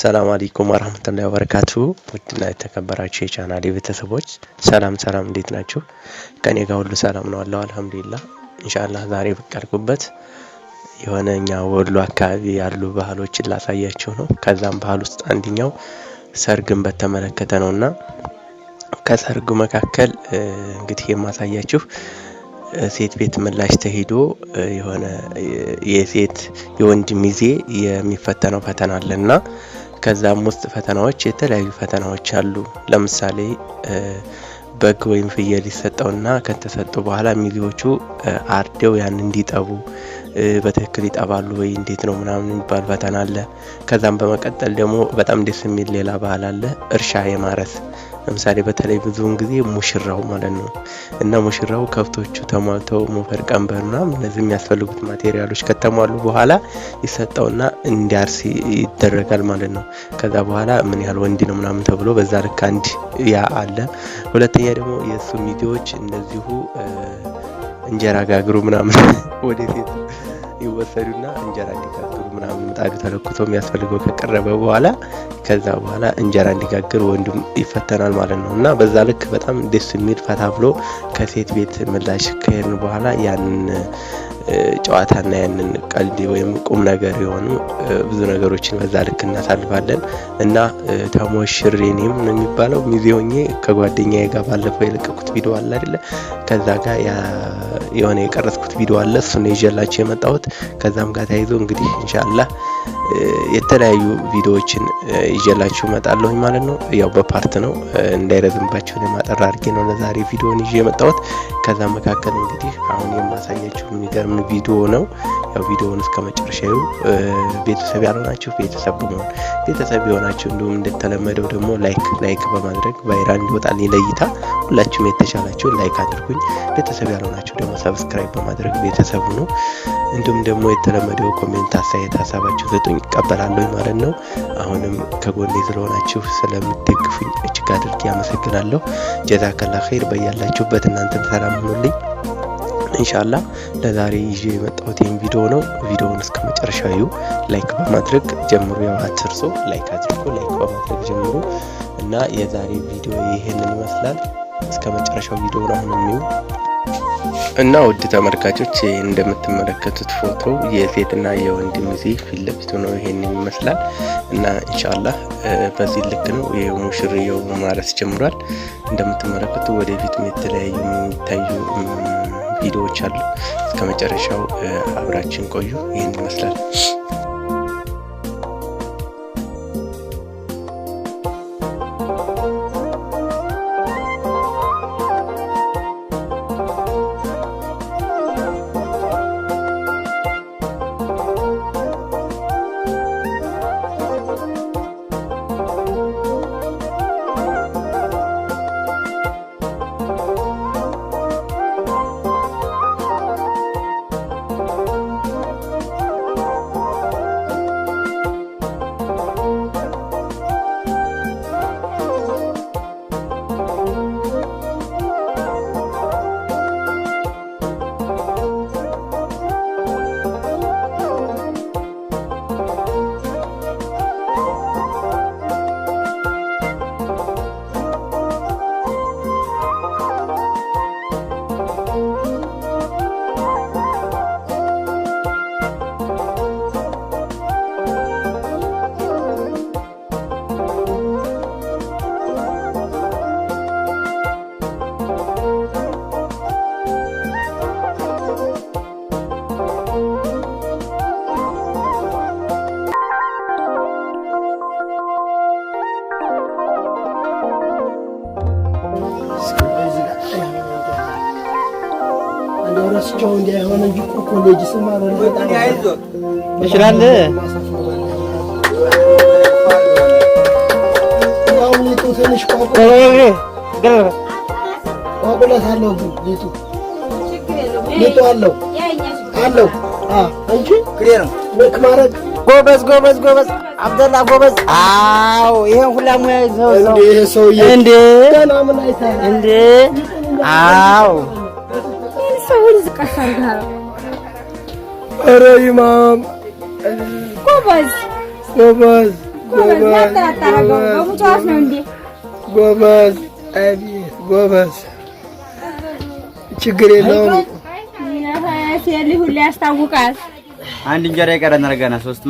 ሰላም አለይኩም ወራህመቱላሂ ወበረካቱ። ውድና የተከበራችሁ የቻናሌ ቤተሰቦች ሰላም ሰላም፣ እንዴት ናችሁ? ከኔ ጋር ሁሉ ሰላም ነው አለው አልሐምዱሊላህ። ኢንሻአላህ ዛሬ ብቅ ያልኩበት የሆነ እኛ ወሎ አካባቢ ያሉ ባህሎችን ላሳያችሁ ነው። ከዛም ባህል ውስጥ አንድኛው ሰርግን በተመለከተ ነውና ከሰርጉ መካከል እንግዲህ የማሳያችሁ ሴት ቤት ምላሽ ተሄዶ የሆነ የሴት የወንድ ሚዜ የሚፈተነው ፈተና አለና ከዛም ውስጥ ፈተናዎች የተለያዩ ፈተናዎች አሉ። ለምሳሌ በግ ወይም ፍየል ይሰጠውና ከተሰጡ በኋላ ሚዜዎቹ አርደው ያን እንዲጠቡ በትክክል ይጠባሉ ወይ እንዴት ነው ምናምን የሚባል ፈተና አለ። ከዛም በመቀጠል ደግሞ በጣም ደስ የሚል ሌላ ባህል አለ፣ እርሻ የማረስ ለምሳሌ በተለይ ብዙውን ጊዜ ሙሽራው ማለት ነው እና ሙሽራው ከብቶቹ ተሟልተው ሞፈር፣ ቀንበር ምናምን እነዚህ የሚያስፈልጉት ማቴሪያሎች ከተሟሉ በኋላ ይሰጠውና እንዲያርስ ይደረጋል ማለት ነው። ከዛ በኋላ ምን ያህል ወንድ ነው ምናምን ተብሎ በዛ ልክ አንድ ያ አለ። ሁለተኛ ደግሞ የእሱ ሚዲዎች እንደዚሁ እንጀራ ጋግሩ ምናምን ወደ ሴት ይወሰዱና እንጀራ እንዲጋግሩ ምናምን ምጣዱ ተለኩቶ የሚያስፈልገው ከቀረበ በኋላ ከዛ በኋላ እንጀራ እንዲጋግር ወንድም ይፈተናል ማለት ነው። እና በዛ ልክ በጣም ደስ የሚል ፈታ ብሎ ከሴት ቤት ምላሽ ከሄድን በኋላ ያንን ጨዋታና ያንን ቀልድ ወይም ቁም ነገር የሆኑ ብዙ ነገሮችን በዛ ልክ እናሳልፋለን እና ተሞሽሬኒም ነው የሚባለው ሚዜ ሆኜ ከጓደኛዬ ጋር ባለፈው የለቀኩት ቪዲዮ አለ አይደለ? ከዛ ጋር የሆነ የቀረጽኩት ቪዲዮ አለ። ነው ይዤላችሁ የመጣሁት ከዛም ጋር ተያይዞ እንግዲህ እንሻላ። የተለያዩ ቪዲዮዎችን ይዤላችሁ እመጣለሁ ማለት ነው። ያው በፓርት ነው እንዳይረዝምባችሁ ማጠር አድርጌ ነው ለዛሬ ቪዲዮን ይዤ የመጣሁት። ከዛ መካከል እንግዲህ አሁን የማሳያችሁ የሚገርም ቪዲዮ ነው። ቪዲዮውን እስከ ዩ ቤተሰብ ያልሆናችሁ ቤተሰብ በመሆን ቤተሰብ የሆናችሁ እንዲሁም እንደተለመደው ደግሞ ላይክ ላይክ በማድረግ ቫይራል እንዲወጣል ለይታ ሁላችሁም የተሻላችሁን ላይክ አድርጉኝ። ቤተሰብ ያልሆናችሁ ደግሞ ሰብስክራይብ በማድረግ ቤተሰብ ሁኑ። እንዲሁም ደግሞ የተለመደው ኮሜንት፣ አስተያየት ሀሳባችሁ ዘጡኝ ይቀበላለሁ ማለት ነው። አሁንም ከጎኔ ስለሆናችሁ ስለምትደግፉኝ እጅግ አድርጌ አመሰግናለሁ። ጀዛከላ ኸይር። በያላችሁበት እናንተም ሰላም እንሻላ ለዛሬ ይዤ የመጣሁት ይህም ቪዲዮ ነው። ቪዲዮውን እስከ መጨረሻ ዩ ላይክ በማድረግ ጀምሩ። ያው አትርሶ ላይክ አድርጎ ላይክ በማድረግ ጀምሩ እና የዛሬ ቪዲዮ ይህንን ይመስላል። እስከ መጨረሻው ቪዲዮ ነው አሁን የሚው እና ውድ ተመልካቾች እንደምትመለከቱት ፎቶ የሴትና የወንድ ሚዜ ፊት ለፊቱ ነው። ይሄን ይመስላል እና ኢንሻአላህ በዚህ ልክ ነው ሙሽርየው ማረስ ጀምሯል። እንደምትመለከቱ ወደፊት የተለያዩ የሚታዩ ቪዲዮዎች አሉ። እስከ መጨረሻው አብራችን ቆዩ። ይህን ይመስላል። ረስቸው እንዲሆነ እንጂ እኮ ኮሌጅ ስማር ትችላለህ። ትንሽ ቋቁለት ግን ሌጡ ሌጡ አለው አለው እንጂ ልክ ማድረግ ጎበዝ ጎበዝ ጎበዝ አብደላ ጎበዝ። አዎ ይሄን ሁላ ሙያ ይዘው ሰው እንዴ ገና ምን አይታ እንዴ አዎ ሰውን ዝቃሽ አድርገሃል። ኧረ ይማም ጎበዝ ጎበዝ ጎበዝ ጎበዝ ነው እንዴ? ጎበዝ አቤት ጎበዝ ችግር የለውም። ሁላ ያስታውቃል። አንድ እንጀራ ይቀረናል ገና ሶስት